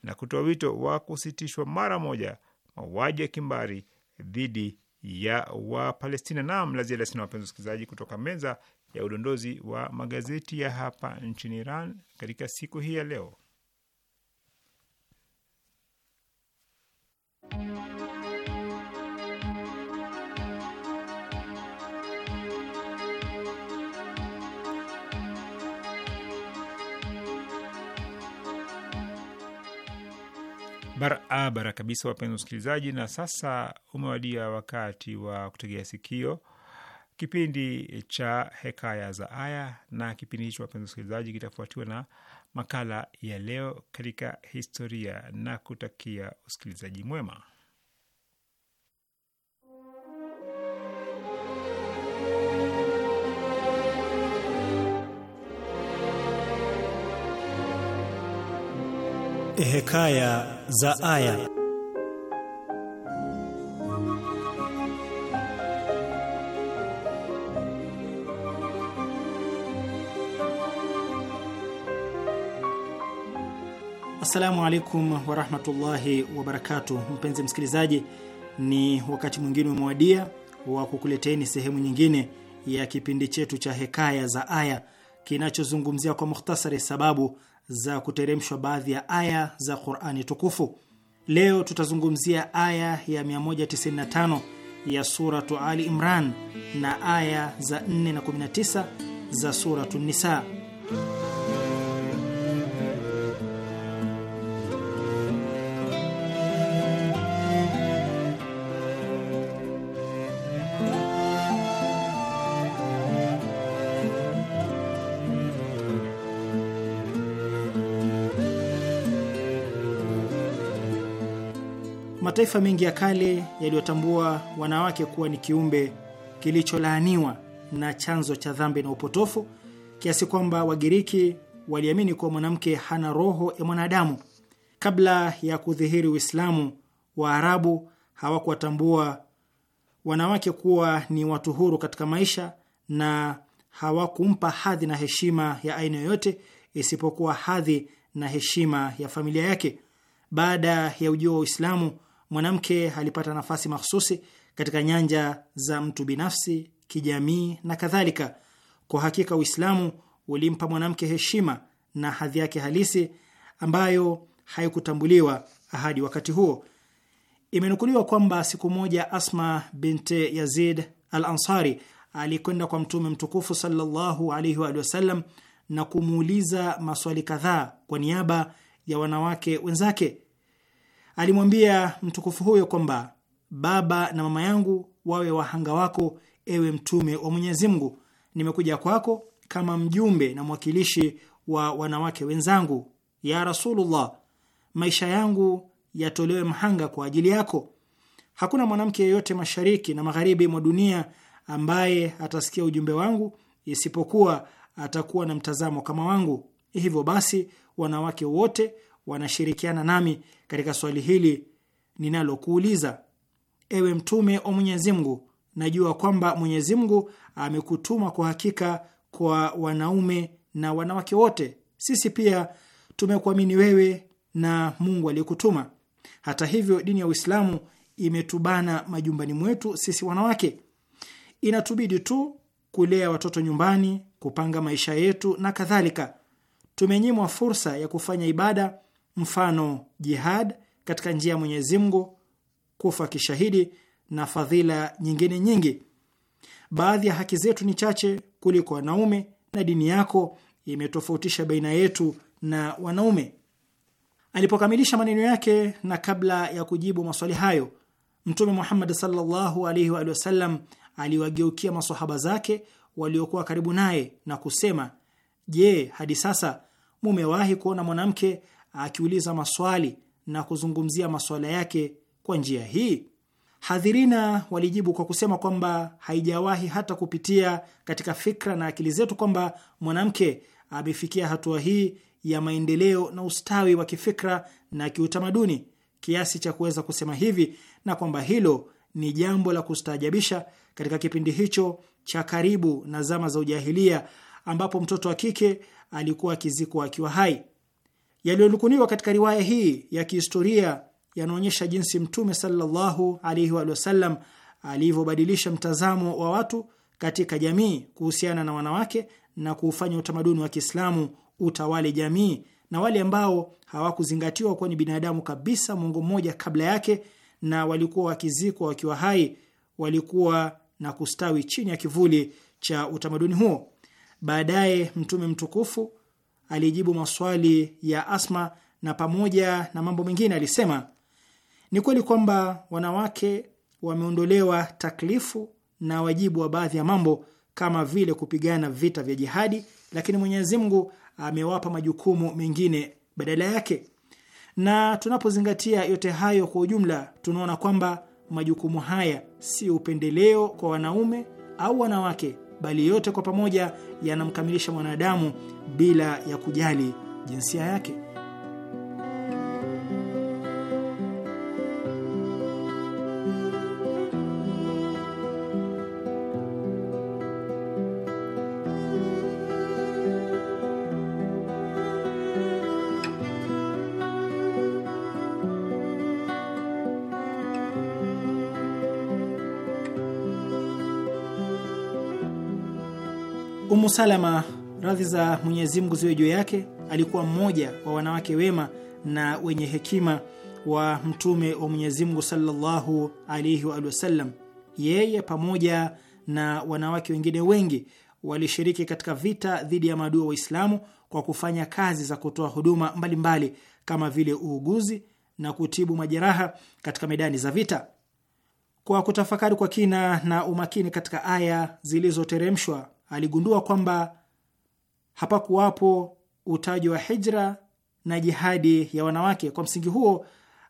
na kutoa wito wa kusitishwa mara moja mauaji ya kimbari dhidi ya Wapalestina. Naam, la ziada sina, wapenzi wasikilizaji, kutoka meza ya udondozi wa magazeti ya hapa nchini Iran katika siku hii ya leo. barabara kabisa, wapenzi wasikilizaji, na sasa umewadia wakati wa kutegea sikio kipindi cha Hekaya za Aya, na kipindi hicho wapenzi wasikilizaji, kitafuatiwa na makala ya Leo katika Historia, na kutakia usikilizaji mwema. Hekaya za Aya. Assalamu alaikum warahmatullahi wabarakatuh, mpenzi msikilizaji, ni wakati mwingine umewadia wa kukuleteni sehemu nyingine ya kipindi chetu cha Hekaya za Aya kinachozungumzia kwa mukhtasari sababu za kuteremshwa baadhi ya aya za Qur'ani tukufu. Leo tutazungumzia aya ya 195 ya suratu Ali Imran na aya za 4 na 19 za suratu Nisa. Mataifa mengi ya kale yaliyotambua wanawake kuwa ni kiumbe kilicholaaniwa na chanzo cha dhambi na upotofu, kiasi kwamba Wagiriki waliamini kuwa mwanamke hana roho ya mwanadamu. Kabla ya kudhihiri Uislamu, Waarabu hawakuwatambua wanawake kuwa ni watu huru katika maisha na hawakumpa hadhi na heshima ya aina yoyote isipokuwa hadhi na heshima ya familia yake. Baada ya ujio wa Uislamu, mwanamke alipata nafasi mahsusi katika nyanja za mtu binafsi, kijamii na kadhalika. Kwa hakika Uislamu ulimpa mwanamke heshima na hadhi yake halisi ambayo haikutambuliwa hadi wakati huo. Imenukuliwa kwamba siku moja Asma binti Yazid al Ansari alikwenda kwa Mtume mtukufu sallallahu alaihi wa sallam na kumuuliza maswali kadhaa kwa niaba ya wanawake wenzake alimwambia mtukufu huyo kwamba baba na mama yangu wawe wahanga wako, ewe Mtume wa Mwenyezi Mungu, nimekuja kwako kama mjumbe na mwakilishi wa wanawake wenzangu. Ya Rasulullah, maisha yangu yatolewe mhanga kwa ajili yako. Hakuna mwanamke yeyote mashariki na magharibi mwa dunia ambaye atasikia ujumbe wangu isipokuwa atakuwa na mtazamo kama wangu. Hivyo basi, wanawake wote wanashirikiana nami katika swali hili ninalokuuliza. Ewe Mtume wa Mwenyezi Mungu, najua kwamba Mwenyezi Mungu amekutuma kwa hakika kwa wanaume na wanawake wote. Sisi pia tumekuamini wewe na Mungu aliyekutuma. Hata hivyo, dini ya Uislamu imetubana majumbani mwetu sisi wanawake, inatubidi tu kulea watoto nyumbani, kupanga maisha yetu na kadhalika. Tumenyimwa fursa ya kufanya ibada mfano jihad katika njia ya Mwenyezi Mungu, kufa kishahidi na fadhila nyingine nyingi. Baadhi ya haki zetu ni chache kuliko wanaume na dini yako imetofautisha baina yetu na wanaume. Alipokamilisha maneno yake na kabla ya kujibu maswali hayo, Mtume Muhammad sallallahu alaihi wa sallam aliwageukia masahaba zake waliokuwa karibu naye na kusema: Je, hadi sasa mumewahi kuona mwanamke akiuliza maswali na kuzungumzia masuala yake kwa njia hii? Hadhirina walijibu kwa kusema kwamba haijawahi hata kupitia katika fikra na akili zetu kwamba mwanamke amefikia hatua hii ya maendeleo na ustawi wa kifikra na kiutamaduni kiasi cha kuweza kusema hivi, na kwamba hilo ni jambo la kustaajabisha katika kipindi hicho cha karibu na zama za ujahilia, ambapo mtoto wa kike alikuwa akizikwa akiwa hai yaliyonukuniwa katika riwaya hii ya kihistoria yanaonyesha jinsi Mtume sallallahu alaihi wa sallam alivyobadilisha mtazamo wa watu katika jamii kuhusiana na wanawake na kuufanya utamaduni wa Kiislamu utawale jamii, na wale ambao hawakuzingatiwa kuwa ni binadamu kabisa mwongo mmoja kabla yake na walikuwa wakizikwa wakiwa hai, walikuwa na kustawi chini ya kivuli cha utamaduni huo. Baadaye Mtume mtukufu alijibu maswali ya Asma na pamoja na mambo mengine alisema, ni kweli kwamba wanawake wameondolewa taklifu na wajibu wa baadhi ya mambo kama vile kupigana vita vya jihadi, lakini Mwenyezi Mungu amewapa majukumu mengine badala yake. Na tunapozingatia yote hayo kwa ujumla, tunaona kwamba majukumu haya si upendeleo kwa wanaume au wanawake, bali yote kwa pamoja yanamkamilisha mwanadamu bila ya kujali jinsia yake. Umu Salama radhi za Mwenyezi Mungu ziwe juu yake, alikuwa mmoja wa wanawake wema na wenye hekima wa Mtume wa Mwenyezi Mungu sallallahu alaihi wa alihi Yeye pamoja na wanawake wengine wengi walishiriki katika vita dhidi ya maadui wa Waislamu kwa kufanya kazi za kutoa huduma mbalimbali mbali, kama vile uuguzi na kutibu majeraha katika medani za vita. Kwa kutafakari kwa kina na umakini katika aya zilizoteremshwa, aligundua kwamba hapakuwapo utaji wa hijra na jihadi ya wanawake. Kwa msingi huo,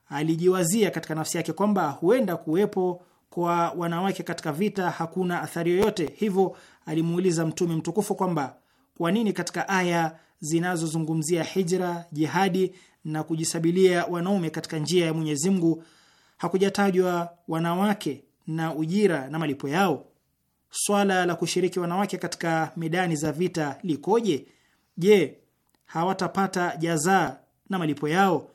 alijiwazia katika nafsi yake kwamba huenda kuwepo kwa wanawake katika vita hakuna athari yoyote. Hivyo alimuuliza Mtume mtukufu kwamba kwa nini katika aya zinazozungumzia hijra, jihadi na kujisabilia wanaume katika njia ya Mwenyezi Mungu hakujatajwa wanawake na ujira na malipo yao? swala la kushiriki wanawake katika medani za vita likoje? Je, hawatapata jazaa na malipo yao?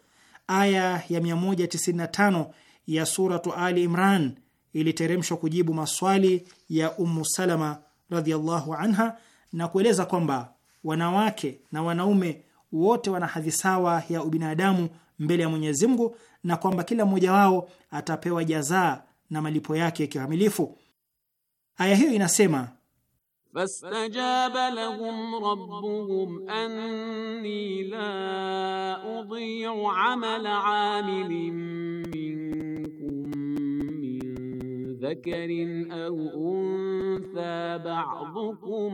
Aya ya 195 ya Suratu Ali Imran iliteremshwa kujibu maswali ya Umu Salama radhiallahu anha na kueleza kwamba wanawake na wanaume wote wana hadhi sawa ya ubinadamu mbele ya Mwenyezi Mungu na kwamba kila mmoja wao atapewa jazaa na malipo yake kikamilifu. Aya hiyo inasema Fastajaba lahum rabbuhum anni la udhi'u amala 'amilin minkum min dhakarin aw untha ba'dukum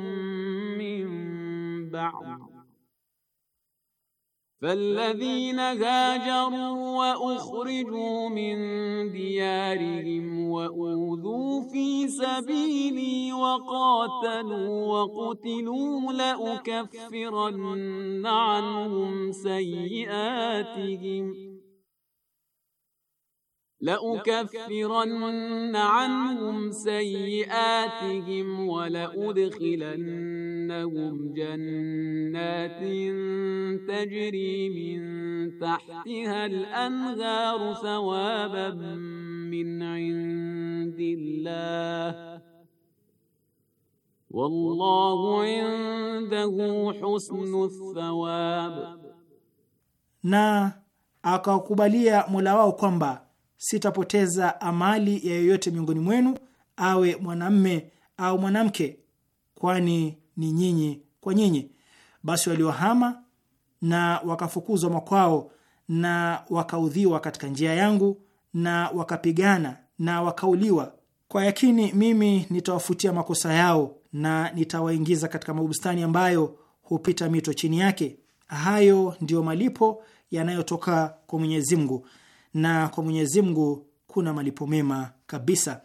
min ba'd فالذين هاجروا واخرجوا من ديارهم واوذوا في سبيلي وقاتلوا وقتلوا لاكفرن عنهم سيئاتهم لأكفرن عنهم سيئاتهم ولأدخلن لهم جنات تجري من تحتها الأنهار ثوابا من عند الله والله عنده حسن الثواب نا akawakubalia Mola wao kwamba sitapoteza amali ya yoyote miongoni mwenu, awe mwanamme au mwanamke, kwani ni nyinyi kwa nyinyi. Basi waliohama na wakafukuzwa makwao na wakaudhiwa katika njia yangu na wakapigana na wakauliwa, kwa yakini mimi nitawafutia makosa yao na nitawaingiza katika mabustani ambayo hupita mito chini yake. Hayo ndiyo malipo yanayotoka kwa Mwenyezi Mungu, na kwa Mwenyezi Mungu kuna malipo mema kabisa.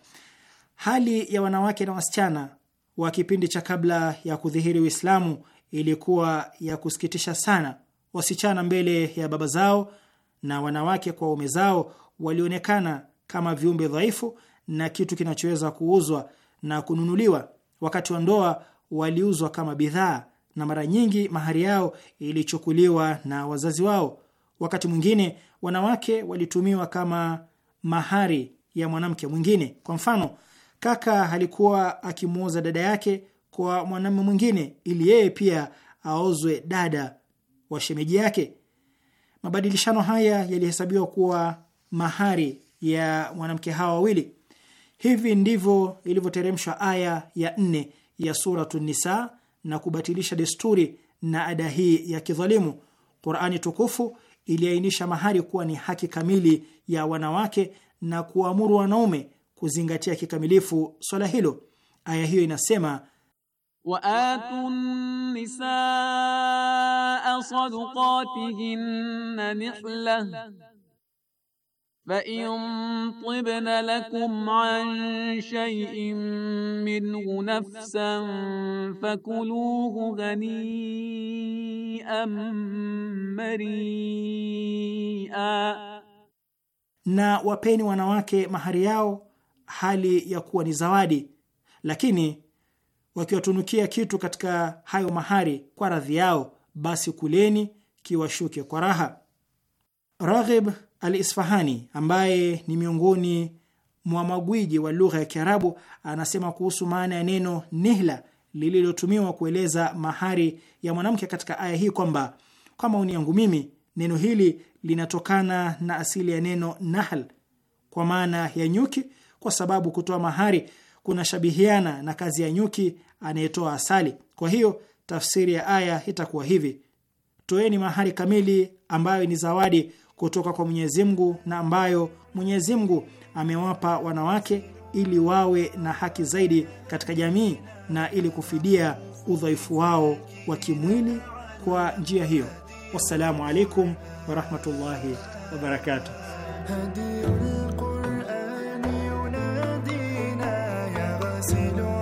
Hali ya wanawake na wasichana wa kipindi cha kabla ya kudhihiri Uislamu ilikuwa ya kusikitisha sana. Wasichana mbele ya baba zao na wanawake kwa ume zao walionekana kama viumbe dhaifu na kitu kinachoweza kuuzwa na kununuliwa. Wakati wa ndoa waliuzwa kama bidhaa, na mara nyingi mahari yao ilichukuliwa na wazazi wao. Wakati mwingine wanawake walitumiwa kama mahari ya mwanamke mwingine. Kwa mfano, Kaka alikuwa akimwoza dada yake kwa mwanamume mwingine ili yeye pia aozwe dada wa shemeji yake. Mabadilishano haya yalihesabiwa kuwa mahari ya mwanamke hawa wawili. Hivi ndivyo ilivyoteremshwa aya ya nne ya Suratu Nisa na kubatilisha desturi na ada hii ya kidhalimu. Qurani tukufu iliainisha mahari kuwa ni haki kamili ya wanawake na kuamuru wanaume kuzingatia kikamilifu swala hilo. Aya hiyo inasema waatu nisaa sadqatihinna nihla in tibna lakum an shay'in minhu nafsan fakuluhu ghanian maria, na wapeni wanawake mahari yao hali ya kuwa ni zawadi, lakini wakiwatunukia kitu katika hayo mahari kwa radhi yao, basi kuleni kiwashuke kwa raha. Raghib al-Isfahani ambaye ni miongoni mwa magwiji wa lugha ya Kiarabu anasema kuhusu maana ya neno nihla lililotumiwa kueleza mahari ya mwanamke katika aya hii kwamba, kwa maoni yangu mimi, neno hili linatokana na asili ya neno nahl kwa maana ya nyuki kwa sababu kutoa mahari kunashabihiana na kazi ya nyuki anayetoa asali. Kwa hiyo tafsiri ya aya itakuwa hivi: toeni mahari kamili ambayo ni zawadi kutoka kwa Mwenyezi Mungu na ambayo Mwenyezi Mungu amewapa wanawake ili wawe na haki zaidi katika jamii na ili kufidia udhaifu wao wa kimwili kwa njia hiyo. Wassalamu alaikum warahmatullahi wabarakatuh. Barcelona.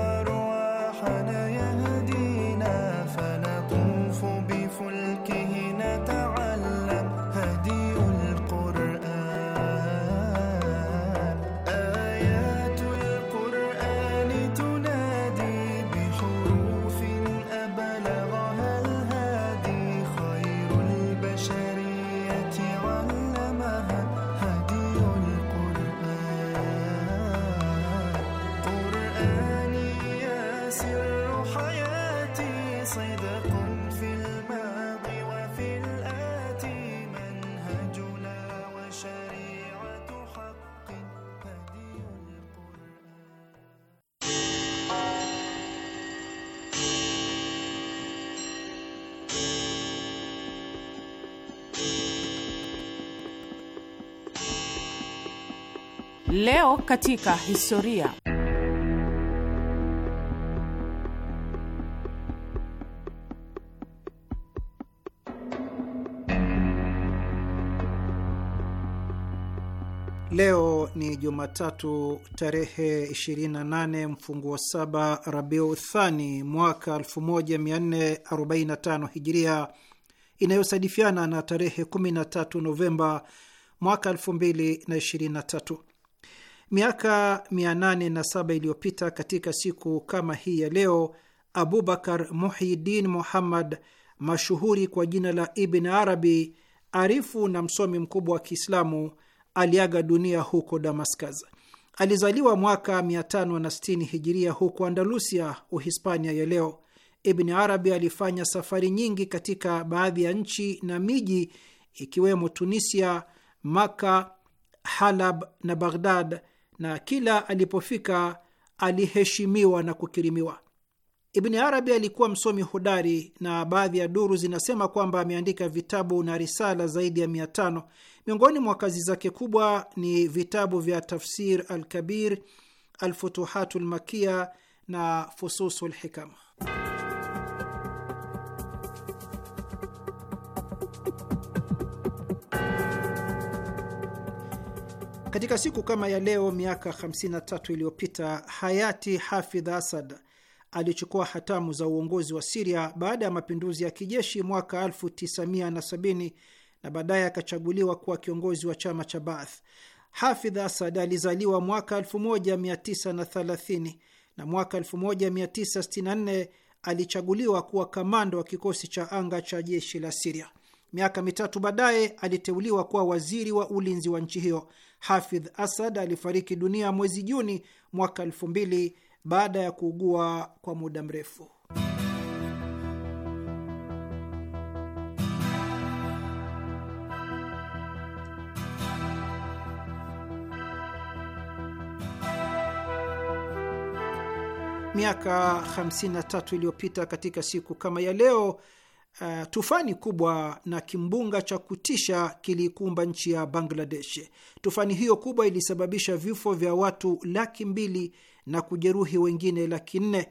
katika historia. Leo ni Jumatatu tarehe 28 mfungu wa saba Rabiu Thani mwaka 1445 Hijiria, inayosadifiana na tarehe 13 Novemba mwaka 2023. Miaka 807 iliyopita katika siku kama hii ya leo, Abubakar Muhyiddin Muhammad mashuhuri kwa jina la Ibn Arabi, arifu na msomi mkubwa wa Kiislamu, aliaga dunia huko Damascus. Alizaliwa mwaka 560 hijiria huko Andalusia, Uhispania ya leo. Ibn Arabi alifanya safari nyingi katika baadhi ya nchi na miji ikiwemo Tunisia, Maka, Halab na Baghdad na kila alipofika aliheshimiwa na kukirimiwa. Ibni Arabi alikuwa msomi hodari na baadhi ya duru zinasema kwamba ameandika vitabu na risala zaidi ya mia tano. Miongoni mwa kazi zake kubwa ni vitabu vya Tafsir Alkabir, Alfutuhatu Lmakia na Fususu Lhikama. Katika siku kama ya leo miaka 53 iliyopita hayati Hafidh Asad alichukua hatamu za uongozi wa Siria baada ya mapinduzi ya kijeshi mwaka 1970 na baadaye akachaguliwa kuwa kiongozi wa chama cha Baath. Hafidh Asad alizaliwa mwaka 1930 na mwaka 1964 alichaguliwa kuwa kamanda wa kikosi cha anga cha jeshi la Siria. Miaka mitatu baadaye aliteuliwa kuwa waziri wa ulinzi wa nchi hiyo. Hafidh Asad alifariki dunia mwezi Juni mwaka elfu mbili baada ya kuugua kwa muda mrefu. Miaka 53 iliyopita katika siku kama ya leo uh, tufani kubwa na kimbunga cha kutisha kiliikumba nchi ya Bangladesh. Tufani hiyo kubwa ilisababisha vifo vya watu laki mbili na kujeruhi wengine laki nne.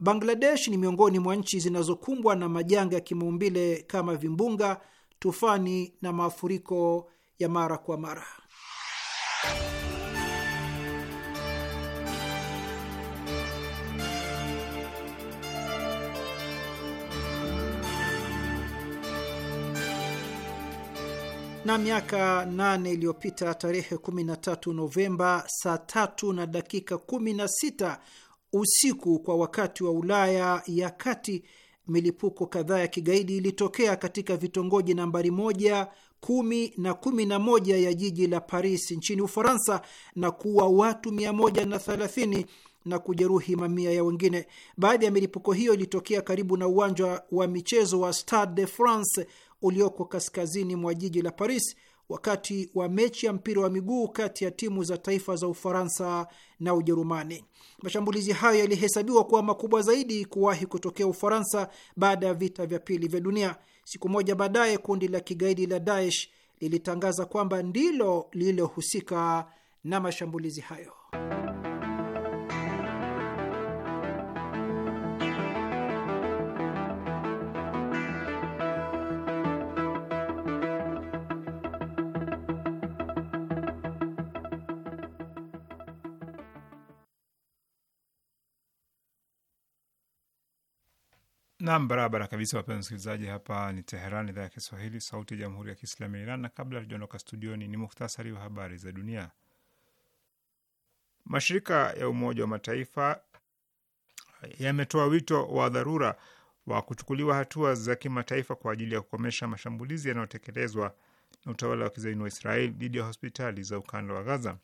Bangladesh ni miongoni mwa nchi zinazokumbwa na majanga ya kimaumbile kama vimbunga, tufani na mafuriko ya mara kwa mara. na miaka 8 iliyopita tarehe 13 Novemba saa tatu na dakika 16 usiku kwa wakati wa Ulaya ya Kati, milipuko kadhaa ya kigaidi ilitokea katika vitongoji nambari moja, kumi na kumi na moja ya jiji la Paris nchini Ufaransa na kuua watu 130 na kujeruhi mamia ya wengine. Baadhi ya milipuko hiyo ilitokea karibu na uwanja wa michezo wa Stade de France ulioko kaskazini mwa jiji la Paris wakati wa mechi ya mpira wa miguu kati ya timu za taifa za Ufaransa na Ujerumani. Mashambulizi hayo yalihesabiwa kuwa makubwa zaidi kuwahi kutokea Ufaransa baada ya vita vya pili vya dunia. Siku moja baadaye, kundi la kigaidi la Daesh lilitangaza kwamba ndilo lililohusika na mashambulizi hayo. Nam, barabara kabisa, wapenzi msikilizaji, hapa ni Teheran, idhaa ya Kiswahili, sauti ya jamhuri ya kiislamu ya Iran. Na kabla hatujaondoka studioni, ni muhtasari wa habari za dunia. Mashirika ya Umoja wa Mataifa yametoa wito wa dharura wa kuchukuliwa hatua za kimataifa kwa ajili ya kukomesha mashambulizi yanayotekelezwa na utawala wa kizaini wa israel dhidi ya hospitali za ukanda wa Gaza.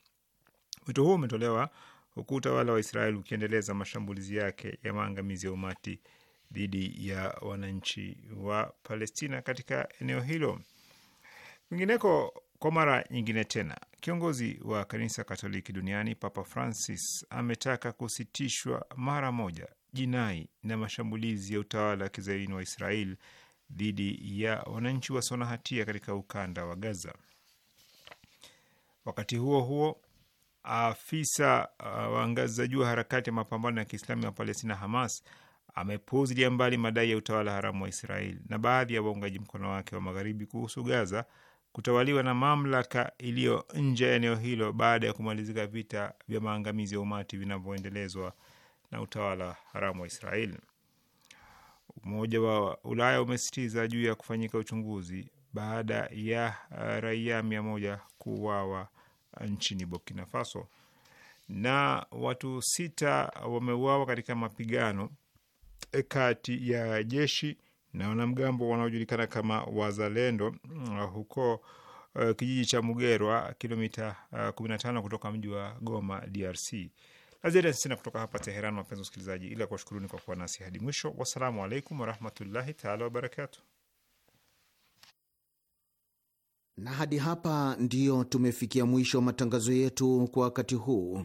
Wito huo umetolewa huku utawala wa israel ukiendeleza mashambulizi yake ya maangamizi ya umati dhidi ya wananchi wa Palestina katika eneo hilo. Kwingineko, kwa mara nyingine tena, kiongozi wa kanisa Katoliki duniani Papa Francis ametaka kusitishwa mara moja jinai na mashambulizi ya utawala wa kizaini wa israel dhidi ya wananchi wasio na hatia katika ukanda wa Gaza. Wakati huo huo, afisa uh, wa ngazi za juu harakati ya mapambano ya Kiislamu ya Palestina Hamas amepuuzilia mbali madai ya utawala haramu wa Israeli na baadhi ya waungaji mkono wake wa magharibi kuhusu Gaza kutawaliwa na mamlaka iliyo nje ya eneo hilo baada ya kumalizika vita vya maangamizi ya umati vinavyoendelezwa na utawala haramu wa Israeli. Umoja wa Ulaya umesitiza juu ya kufanyika uchunguzi baada ya raia mia moja kuuawa nchini Burkina Faso na watu sita wameuawa katika mapigano Eh, kati ya jeshi na wanamgambo wanaojulikana kama Wazalendo mm, huko uh, kijiji cha Mugerwa, kilomita uh, eh, 15 kutoka mji wa Goma, DRC. La ziada sina kutoka hapa Teheran, wapenzi wasikilizaji, ila kuwashukuruni kwa kuwa nasi hadi mwisho. Wassalamu alaikum warahmatullahi taala wabarakatu. Na hadi hapa ndiyo tumefikia mwisho wa matangazo yetu kwa wakati huu.